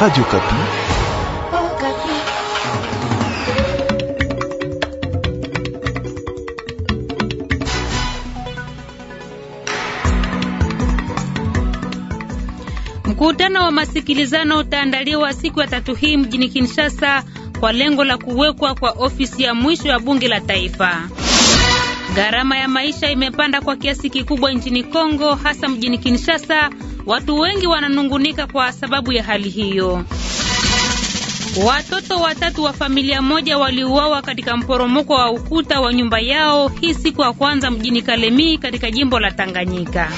Radio oh, Kapi. Mkutano wa masikilizano utaandaliwa siku ya tatu hii mjini Kinshasa kwa lengo la kuwekwa kwa ofisi ya mwisho ya bunge la taifa. Gharama ya maisha imepanda kwa kiasi kikubwa nchini Kongo hasa mjini Kinshasa Watu wengi wananungunika kwa sababu ya hali hiyo. Watoto watatu wa familia moja waliuawa katika mporomoko wa ukuta wa nyumba yao hii siku ya kwanza mjini Kalemie katika jimbo la Tanganyika.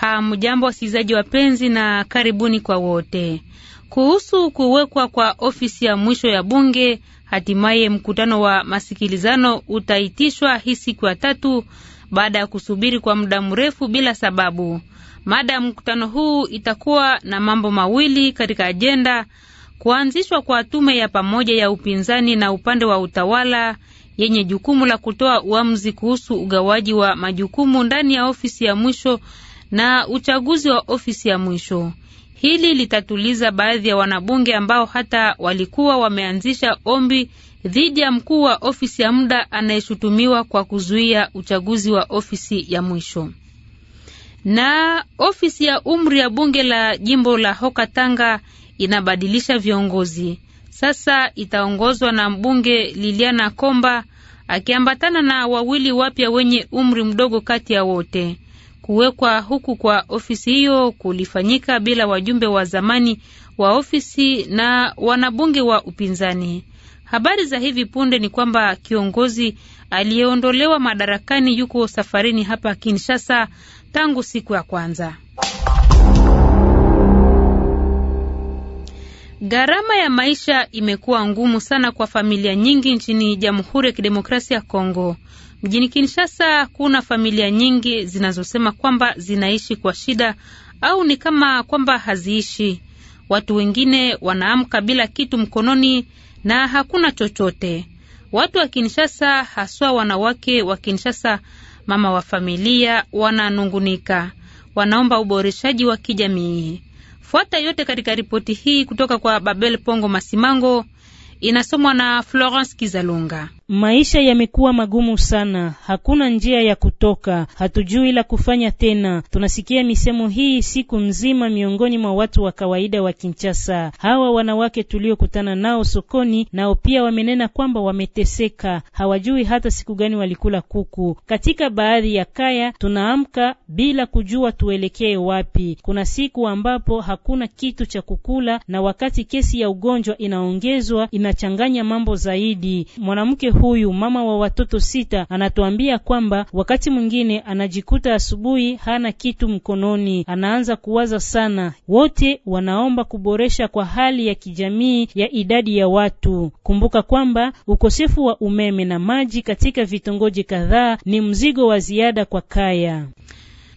Hamjambo wasikilizaji wapenzi, na karibuni kwa wote. Kuhusu kuwekwa kwa ofisi ya mwisho ya bunge Hatimaye mkutano wa masikilizano utaitishwa hii siku ya tatu baada ya kusubiri kwa muda mrefu bila sababu. Mada ya mkutano huu itakuwa na mambo mawili katika ajenda: kuanzishwa kwa tume ya pamoja ya upinzani na upande wa utawala yenye jukumu la kutoa uamuzi kuhusu ugawaji wa majukumu ndani ya ofisi ya mwisho na uchaguzi wa ofisi ya mwisho. Hili litatuliza baadhi ya wanabunge ambao hata walikuwa wameanzisha ombi dhidi ya mkuu wa ofisi ya muda anayeshutumiwa kwa kuzuia uchaguzi wa ofisi ya mwisho. Na ofisi ya umri ya bunge la jimbo la Hoka Tanga inabadilisha viongozi. Sasa itaongozwa na mbunge Liliana Komba akiambatana na wawili wapya wenye umri mdogo kati ya wote. Kuwekwa huku kwa ofisi hiyo kulifanyika bila wajumbe wa zamani wa ofisi na wanabunge wa upinzani. Habari za hivi punde ni kwamba kiongozi aliyeondolewa madarakani yuko safarini hapa Kinshasa tangu siku ya kwanza. Gharama ya maisha imekuwa ngumu sana kwa familia nyingi nchini Jamhuri ya Kidemokrasia ya Kongo. Mjini Kinshasa kuna familia nyingi zinazosema kwamba zinaishi kwa shida au ni kama kwamba haziishi. Watu wengine wanaamka bila kitu mkononi na hakuna chochote. Watu wa Kinshasa, haswa wanawake wa Kinshasa, mama wa familia, wananungunika, wanaomba uboreshaji wa kijamii. Fuata yote katika ripoti hii kutoka kwa Babel Pongo Masimango, inasomwa na Florence Kizalunga. Maisha yamekuwa magumu sana, hakuna njia ya kutoka, hatujui la kufanya tena. Tunasikia misemo hii siku nzima miongoni mwa watu wa kawaida wa kinchasa Hawa wanawake tuliokutana nao sokoni, nao pia wamenena kwamba wameteseka, hawajui hata siku gani walikula kuku. Katika baadhi ya kaya tunaamka bila kujua tuelekee wapi. Kuna siku ambapo hakuna kitu cha kukula, na wakati kesi ya ugonjwa inaongezwa, inachanganya mambo zaidi. Mwanamke huyu mama wa watoto sita anatuambia kwamba wakati mwingine anajikuta asubuhi hana kitu mkononi, anaanza kuwaza sana. Wote wanaomba kuboresha kwa hali ya kijamii ya idadi ya watu. Kumbuka kwamba ukosefu wa umeme na maji katika vitongoji kadhaa ni mzigo wa ziada kwa kaya.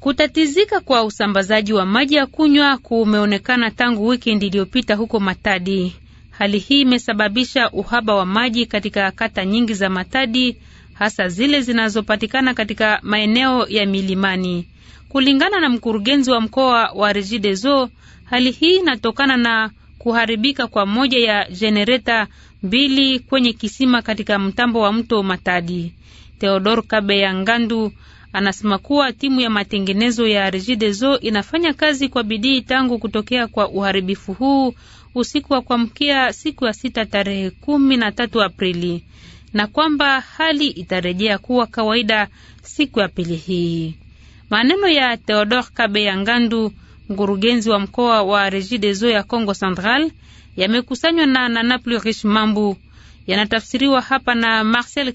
Kutatizika kwa usambazaji wa maji ya kunywa kumeonekana tangu wikendi iliyopita huko Matadi. Hali hii imesababisha uhaba wa maji katika kata nyingi za Matadi, hasa zile zinazopatikana katika maeneo ya milimani. Kulingana na mkurugenzi wa mkoa wa Regideso, hali hii inatokana na kuharibika kwa moja ya jenereta mbili kwenye kisima katika mtambo wa mto Matadi. Theodor Kabeya Ngandu anasema kuwa timu ya matengenezo ya Regideso inafanya kazi kwa bidii tangu kutokea kwa uharibifu huu usiku wa kuamkia siku ya sita tarehe kumi na tatu Aprili na kwamba hali itarejea kuwa kawaida siku ya pili hii. Maneno ya Theodore Kabeya Ngandu, mkurugenzi wa mkoa wa Regideso ya Congo Central, yamekusanywa na Nanaplu Rish Mambu, yanatafsiriwa hapa na Marcel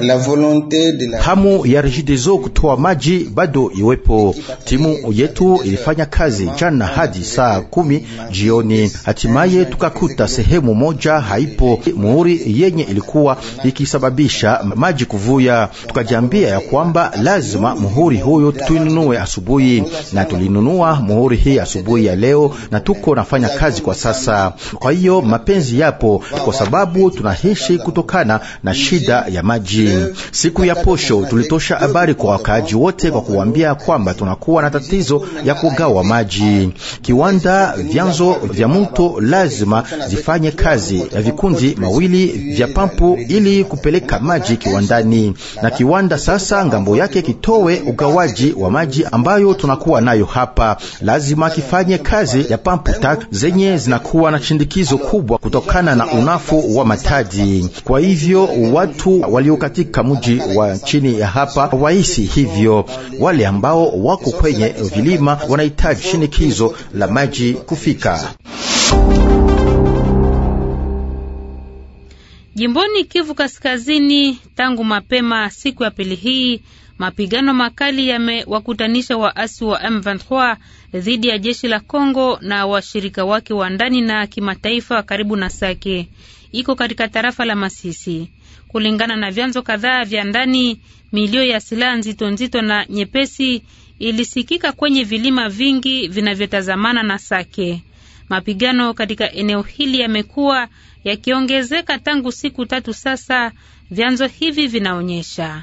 la... Hamu ya Regideso kutoa maji bado iwepo. Timu yetu ilifanya kazi jana hadi saa kumi jioni, hatimaye tukakuta sehemu moja haipo muhuri yenye ilikuwa ikisababisha maji kuvuya. Tukajiambia ya kwamba lazima muhuri huyo tuinunue asubuhi, na tulinunua muhuri hii asubuhi ya leo, na tuko nafanya kazi kwa sasa. Kwa hiyo mapenzi yapo kwa sababu sababu tunaishi kutokana na shida ya maji. Siku ya posho tulitosha habari kwa wakaaji wote kwa kuwambia kwamba tunakuwa na tatizo ya kugawa maji. Kiwanda vyanzo vya mto lazima zifanye kazi ya vikundi mawili vya pampu ili kupeleka maji kiwandani, na kiwanda sasa ngambo yake kitowe ugawaji wa maji ambayo tunakuwa nayo hapa. Lazima kifanye kazi ya pampu tak zenye zinakuwa na shindikizo kubwa kutokana na unafu wa mataji. Kwa hivyo watu walio katika mji wa chini ya hapa wahisi hivyo, wale ambao wako kwenye vilima wanahitaji shinikizo la maji kufika. Jimboni Kivu Kaskazini, tangu mapema siku ya pili hii, mapigano makali yamewakutanisha waasi wa M23 dhidi ya jeshi la Kongo na washirika wake wa ndani na kimataifa karibu na Sake iko katika tarafa la Masisi. Kulingana na vyanzo kadhaa vya ndani, milio ya silaha nzito nzito na nyepesi ilisikika kwenye vilima vingi vinavyotazamana na Sake. Mapigano katika eneo hili yamekuwa yakiongezeka tangu siku tatu sasa, vyanzo hivi vinaonyesha.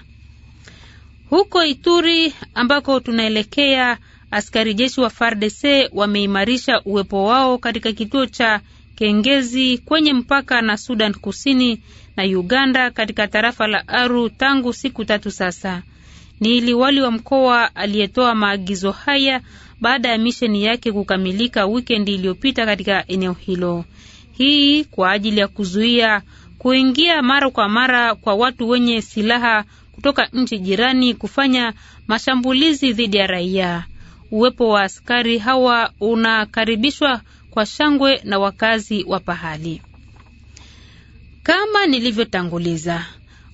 Huko Ituri ambako tunaelekea, askari jeshi wa FARDC wameimarisha uwepo wao katika kituo cha Kengezi kwenye mpaka na Sudan Kusini na Uganda katika tarafa la Aru tangu siku tatu sasa. Ni liwali wa mkoa aliyetoa maagizo haya baada ya misheni yake kukamilika wikendi iliyopita katika eneo hilo. Hii kwa ajili ya kuzuia kuingia mara kwa mara kwa watu wenye silaha kutoka nchi jirani kufanya mashambulizi dhidi ya raia. Uwepo wa askari hawa unakaribishwa kwa shangwe na wakazi wa pahali. Kama nilivyotanguliza,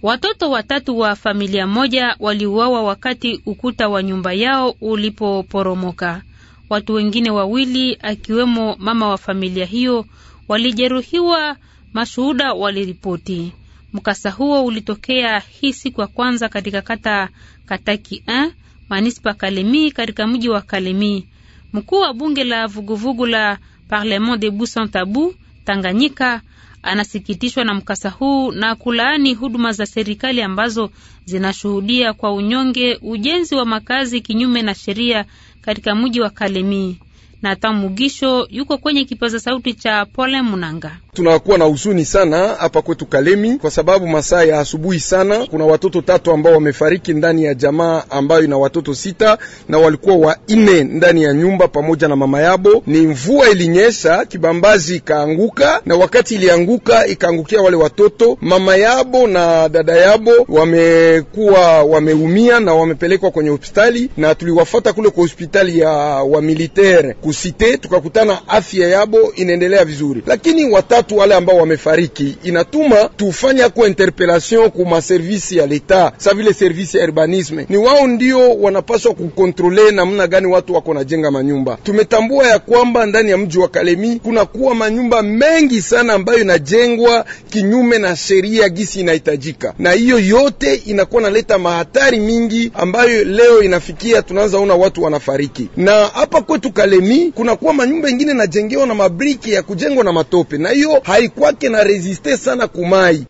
watoto watatu wa familia moja waliuawa wakati ukuta wa nyumba yao ulipoporomoka. Watu wengine wawili akiwemo mama wa familia hiyo walijeruhiwa, mashuhuda waliripoti. Mkasa huo ulitokea hii siku ya kwanza katika kata Kataki A, eh, manispa Kalemi, katika mji wa Kalemi. Mkuu wa bunge la vuguvugu la Parlement Debout Sans Tabu Tanganyika anasikitishwa na mkasa huu na kulaani huduma za serikali ambazo zinashuhudia kwa unyonge ujenzi wa makazi kinyume na sheria katika mji wa Kalemie. Nathan Mugisho yuko kwenye kipaza sauti cha Pole Munanga. Tunakuwa na huzuni sana hapa kwetu Kalemi kwa sababu masaa ya asubuhi sana kuna watoto tatu ambao wamefariki ndani ya jamaa ambayo ina watoto sita na walikuwa wanne ndani ya nyumba pamoja na mama yabo. Ni mvua ilinyesha, kibambazi ikaanguka, na wakati ilianguka ikaangukia wale watoto. Mama yabo na dada yabo wamekuwa wameumia na wamepelekwa kwenye hospitali, na tuliwafata kule kwa hospitali ya wamilitere kusite, tukakutana afya yabo inaendelea vizuri, lakini watatu wale ambao wamefariki inatuma tufanya ku interpellation ku maservisi ya leta sa vile servisi ya urbanisme, ni wao ndio wanapaswa kukontrole namna gani watu wako najenga manyumba. Tumetambua ya kwamba ndani ya mji wa Kalemi kuna kuwa manyumba mengi sana ambayo inajengwa kinyume na sheria gisi inahitajika, na hiyo yote inakuwa naleta mahatari mingi ambayo leo inafikia tunaanza ona watu wanafariki, na hapa kwetu Kalemi kunakuwa manyumba ingine najengewa na mabriki ya kujengwa na matope, na hiyo haikwake na reziste sana kumai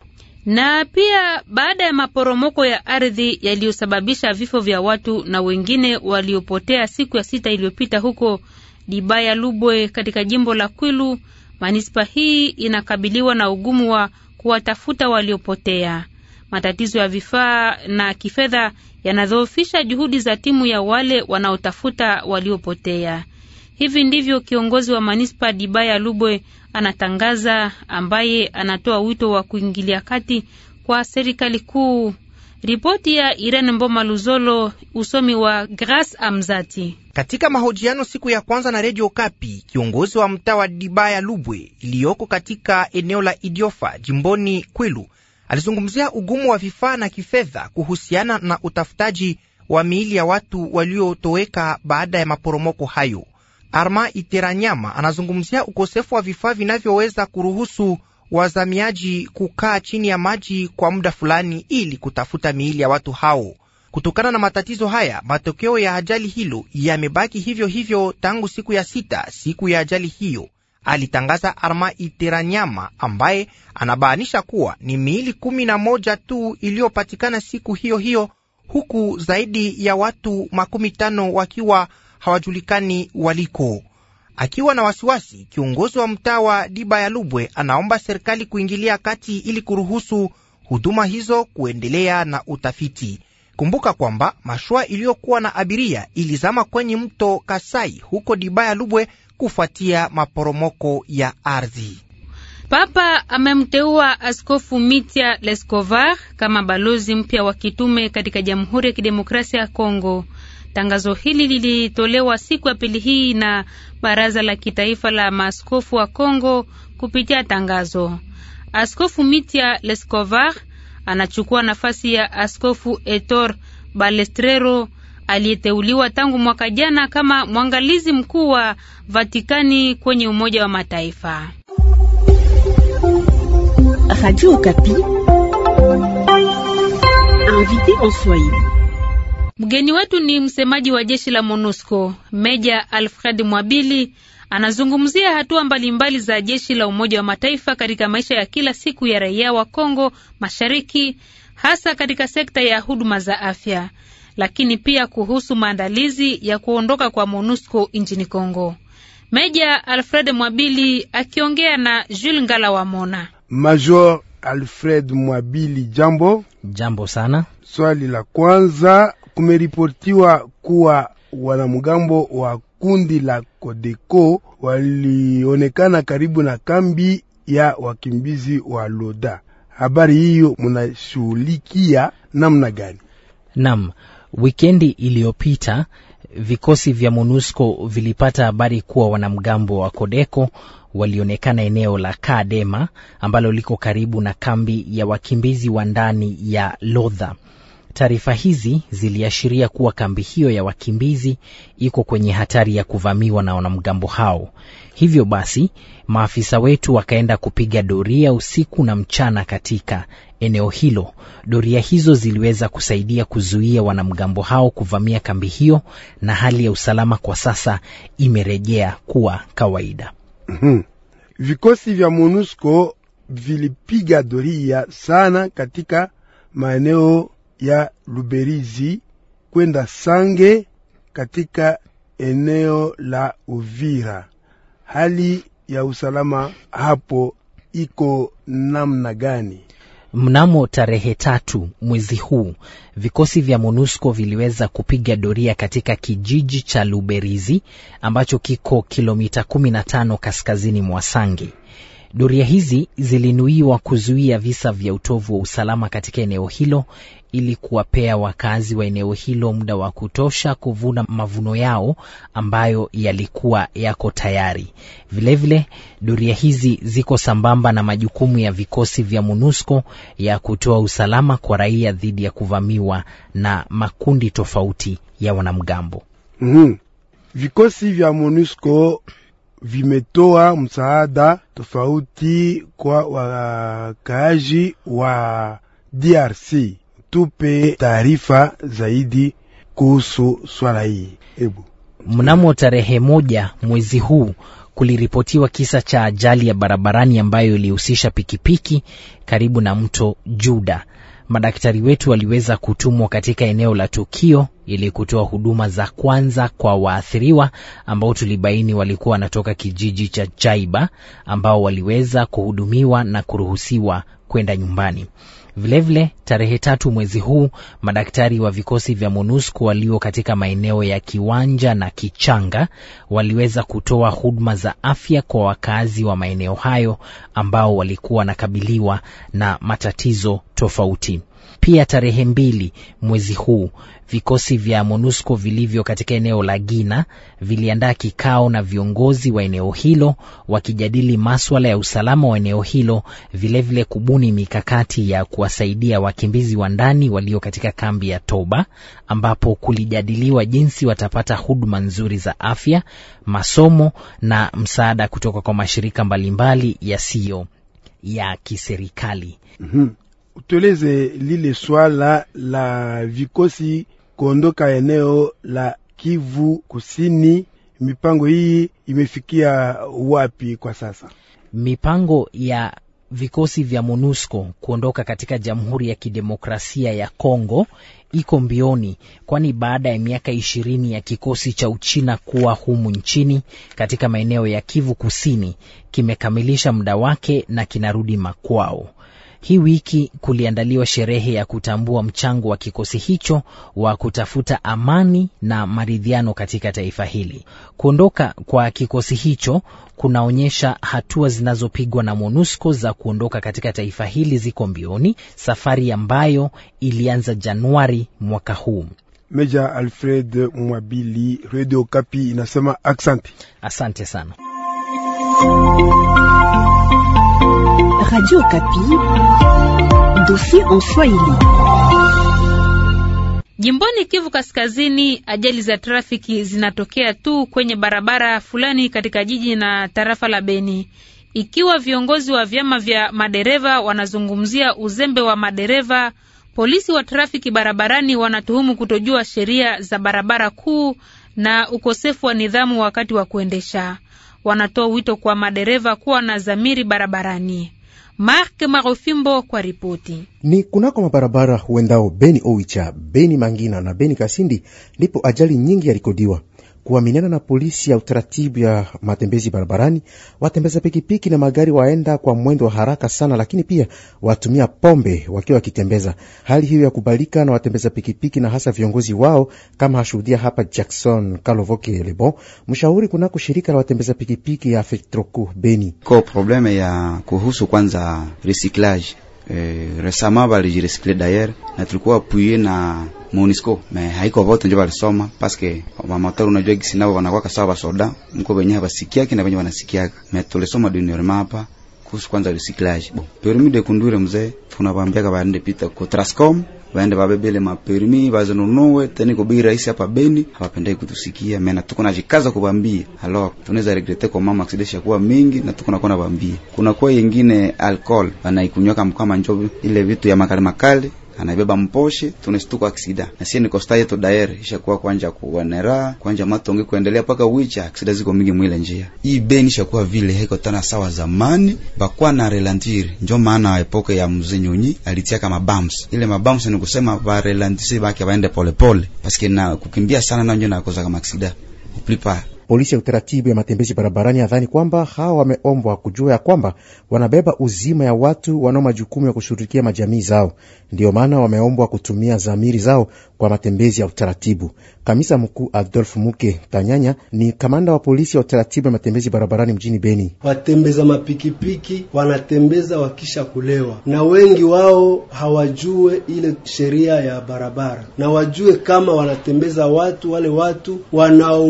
na pia baada ya maporomoko ya ardhi yaliyosababisha vifo vya watu na wengine waliopotea siku ya sita iliyopita huko Dibaya Lubwe katika jimbo la Kwilu, manispa hii inakabiliwa na ugumu wa kuwatafuta waliopotea. Matatizo ya vifaa na kifedha yanadhoofisha juhudi za timu ya wale wanaotafuta waliopotea. Hivi ndivyo kiongozi wa manispa Dibaya Lubwe anatangaza, ambaye anatoa wito wa kuingilia kati kwa serikali kuu. Ripoti ya Irene Mboma Luzolo, usomi wa Grace Amzati. Katika mahojiano siku ya kwanza na redio Kapi, kiongozi wa mtaa wa Dibaya Lubwe iliyoko katika eneo la Idiofa jimboni Kwilu alizungumzia ugumu wa vifaa na kifedha kuhusiana na utafutaji wa miili ya watu waliotoweka baada ya maporomoko hayo. Arma Iteranyama anazungumzia ukosefu wa vifaa vinavyoweza kuruhusu wazamiaji kukaa chini ya maji kwa muda fulani ili kutafuta miili ya watu hao. Kutokana na matatizo haya, matokeo ya ajali hilo yamebaki hivyo hivyo tangu siku ya sita, siku ya ajali hiyo, alitangaza Arma Iteranyama, ambaye anabainisha kuwa ni miili kumi na moja tu iliyopatikana siku hiyo hiyo, huku zaidi ya watu makumi tano wakiwa hawajulikani waliko. Akiwa na wasiwasi, kiongozi wa mtaa wa Diba ya Lubwe anaomba serikali kuingilia kati ili kuruhusu huduma hizo kuendelea na utafiti. Kumbuka kwamba mashua iliyokuwa na abiria ilizama kwenye mto Kasai huko Diba ya Lubwe kufuatia maporomoko ya ardhi. Papa amemteua Askofu Mitya Leskovar kama balozi mpya wa kitume katika Jamhuri ya Kidemokrasia ya Kongo. Tangazo hili lilitolewa siku ya pili hii na Baraza la Kitaifa la Maaskofu wa Kongo kupitia tangazo. Askofu Mitya Lescovar anachukua nafasi ya Askofu Etor Balestrero aliyeteuliwa tangu mwaka jana kama mwangalizi mkuu wa Vatikani kwenye Umoja wa Mataifa. Radio Okapi. Mgeni wetu ni msemaji wa jeshi la MONUSCO Meja Alfred Mwabili anazungumzia hatua mbalimbali za jeshi la Umoja wa Mataifa katika maisha ya kila siku ya raia wa Kongo Mashariki, hasa katika sekta ya huduma za afya, lakini pia kuhusu maandalizi ya kuondoka kwa MONUSCO nchini Kongo. Meja Alfred Mwabili akiongea na Jules Ngala wa Mona. Major Alfred Mwabili, jambo. Jambo sana. Swali la kwanza kumeripotiwa kuwa wanamgambo wa kundi la Kodeko walionekana karibu na kambi ya wakimbizi wa Loda. Habari hiyo mnashughulikia namna gani? Naam, wikendi iliyopita vikosi vya MONUSCO vilipata habari kuwa wanamgambo wa Kodeko walionekana eneo la Kadema ambalo liko karibu na kambi ya wakimbizi wa ndani ya Lodha. Taarifa hizi ziliashiria kuwa kambi hiyo ya wakimbizi iko kwenye hatari ya kuvamiwa na wanamgambo hao. Hivyo basi, maafisa wetu wakaenda kupiga doria usiku na mchana katika eneo hilo. Doria hizo ziliweza kusaidia kuzuia wanamgambo hao kuvamia kambi hiyo, na hali ya usalama kwa sasa imerejea kuwa kawaida. Mhm. Vikosi vya MONUSCO vilipiga doria sana katika maeneo ya Luberizi kwenda Sange katika eneo la Uvira. Hali ya usalama hapo iko namna gani? Mnamo tarehe tatu mwezi huu vikosi vya MONUSCO viliweza kupiga doria katika kijiji cha Luberizi ambacho kiko kilomita 15 kaskazini mwa Sange. Doria hizi zilinuiwa kuzuia visa vya utovu wa usalama katika eneo hilo ili kuwapea wakazi wa eneo hilo muda wa kutosha kuvuna mavuno yao ambayo yalikuwa yako tayari. Vilevile doria hizi ziko sambamba na majukumu ya vikosi vya MONUSCO ya kutoa usalama kwa raia dhidi ya kuvamiwa na makundi tofauti ya wanamgambo. Mm-hmm. Vikosi vya MONUSCO vimetoa msaada tofauti kwa wakaaji wa DRC. Tupe taarifa zaidi kuhusu swala hii hebu. Mnamo tarehe moja mwezi huu kuliripotiwa kisa cha ajali ya barabarani ambayo ilihusisha pikipiki karibu na mto Juda. Madaktari wetu waliweza kutumwa katika eneo la tukio ili kutoa huduma za kwanza kwa waathiriwa ambao tulibaini walikuwa wanatoka kijiji cha Chaiba ambao waliweza kuhudumiwa na kuruhusiwa kwenda nyumbani. Vilevile, tarehe tatu mwezi huu madaktari wa vikosi vya MONUSCO walio katika maeneo ya Kiwanja na Kichanga waliweza kutoa huduma za afya kwa wakazi wa maeneo hayo ambao walikuwa wanakabiliwa na matatizo tofauti. Pia tarehe mbili mwezi huu vikosi vya MONUSCO vilivyo katika eneo la Gina viliandaa kikao na viongozi wa eneo hilo wakijadili maswala ya usalama wa eneo hilo, vilevile vile kubuni mikakati ya kuwasaidia wakimbizi wa ndani walio katika kambi ya Toba, ambapo kulijadiliwa jinsi watapata huduma nzuri za afya, masomo na msaada kutoka kwa mashirika mbalimbali yasiyo ya kiserikali. Mm -hmm utueleze lile swala la vikosi kuondoka eneo la Kivu Kusini, mipango hii imefikia wapi kwa sasa? Mipango ya vikosi vya MONUSCO kuondoka katika Jamhuri ya Kidemokrasia ya Kongo iko mbioni, kwani baada ya miaka ishirini ya kikosi cha Uchina kuwa humu nchini katika maeneo ya Kivu Kusini kimekamilisha muda wake na kinarudi makwao. Hii wiki kuliandaliwa sherehe ya kutambua mchango wa kikosi hicho wa kutafuta amani na maridhiano katika taifa hili. Kuondoka kwa kikosi hicho kunaonyesha hatua zinazopigwa na MONUSCO za kuondoka katika taifa hili ziko mbioni, safari ambayo ilianza Januari mwaka huu. Meja Alfred Mwabili, Radio Kapi inasema asante, asante sana. Radio Kapi, dosi en Swahili. Jimboni Kivu Kaskazini, ajali za trafiki zinatokea tu kwenye barabara fulani katika jiji na tarafa la Beni. Ikiwa viongozi wa vyama vya madereva wanazungumzia uzembe wa madereva, polisi wa trafiki barabarani wanatuhumu kutojua sheria za barabara kuu na ukosefu wa nidhamu wakati wa kuendesha. Wanatoa wito kwa madereva kuwa na dhamiri barabarani. Mark Marofimbo kwa ripoti. Ni kunako mabarabara huendao Beni Oicha, Beni Mangina na Beni Kasindi ndipo ajali nyingi yalikodiwa kuaminiana na polisi ya utaratibu ya matembezi barabarani. Watembeza pikipiki na magari waenda kwa mwendo wa haraka sana, lakini pia watumia pombe wakiwa wakitembeza. Hali hiyo ya kubalika na watembeza pikipiki na hasa viongozi wao, kama hashuhudia hapa Jackson Kalovoke Lebon, mshauri kunako shirika la watembeza pikipiki ya Fetroku Beni. Ko probleme ya kuhusu kwanza recyclage eh, resama balijiresikle dayer na tulikuwa puye na Munisco me haiko vote ndio walisoma paske wa motoro unajua gisi nao kwa sawa soda mko wenyewe basikia kina wenyewe wanasikia me tulisoma dunia mapa kuhusu kwanza recyclage bo permis de conduire mzee tunabambiaka baende pita ko Trascom baende babebele mapermi bazinunue teni ko bei rahisi hapa Beni hawapendei kutusikia mena tuko na jikaza kubambia halo tunaweza regrete kwa mama accident ya kuwa mingi na tuko nakuwa nabambia kuna kwa yengine alcohol wanaikunywa kama njoo ile vitu ya makali makali anabeba mposhe, tunastuka aksida na sie nikosta yetu daer ishakuwa kwanja kuwanera kwanja matonge kuendelea paka wicha aksida ziko mingi mwile njia hii beni ishakuwa vile haiko tana sawa zamani bakwa na relantiri. Njo maana epoke ya mzee Nyonyi alitia kama bams ile mabams ni kusema varelantise bake baende polepole paske na kukimbia sana nanjo nakoza kama aksida uplipa polisi ya utaratibu ya matembezi barabarani adhani kwamba hawa wameombwa kujua ya kwamba wanabeba uzima ya watu wanao majukumu ya kushughulikia majamii zao. Ndiyo maana wameombwa kutumia zamiri zao kwa matembezi ya utaratibu. Kamisa mkuu Adolf Muke Tanyanya ni kamanda wa polisi ya utaratibu ya matembezi barabarani mjini Beni. Watembeza mapikipiki wanatembeza wakisha kulewa, na wengi wao hawajue ile sheria ya barabara, na wajue kama wanatembeza watu wale watu wanao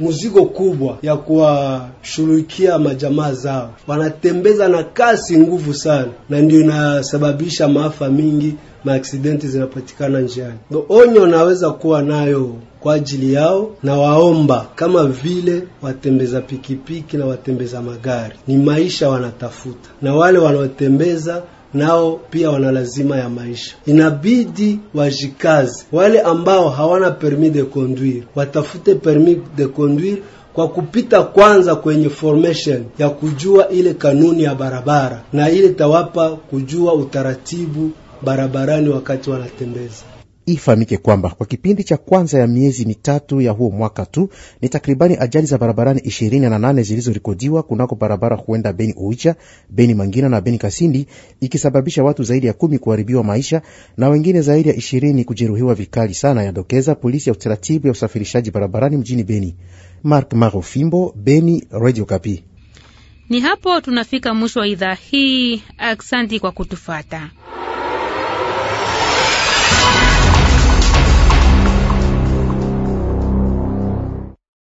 muzigo mzigo kubwa ya kuwashughulikia majamaa zao, wanatembeza na kasi nguvu sana, na ndio inasababisha maafa mingi, maaksidenti zinapatikana njiani. Onyo naweza kuwa nayo kwa ajili yao na waomba, kama vile watembeza pikipiki na watembeza magari, ni maisha wanatafuta, na wale wanaotembeza nao pia wana lazima ya maisha, inabidi wajikaze. Wale ambao hawana permis de conduire watafute permis de conduire kwa kupita kwanza kwenye formation ya kujua ile kanuni ya barabara, na ile tawapa kujua utaratibu barabarani wakati wanatembeza Ifahamike kwamba kwa kipindi cha kwanza ya miezi mitatu ya huo mwaka tu ni takribani ajali za barabarani 28 zilizorekodiwa kunako barabara huenda Beni Uicha, Beni Mangina na Beni Kasindi, ikisababisha watu zaidi ya kumi kuharibiwa maisha na wengine zaidi ya ishirini kujeruhiwa vikali sana, yadokeza polisi ya utaratibu ya usafirishaji barabarani mjini Beni. Mark Marofimbo, Beni, Radio Kapi. Ni hapo tunafika mwisho wa idhaa hii. Aksanti kwa kutufata.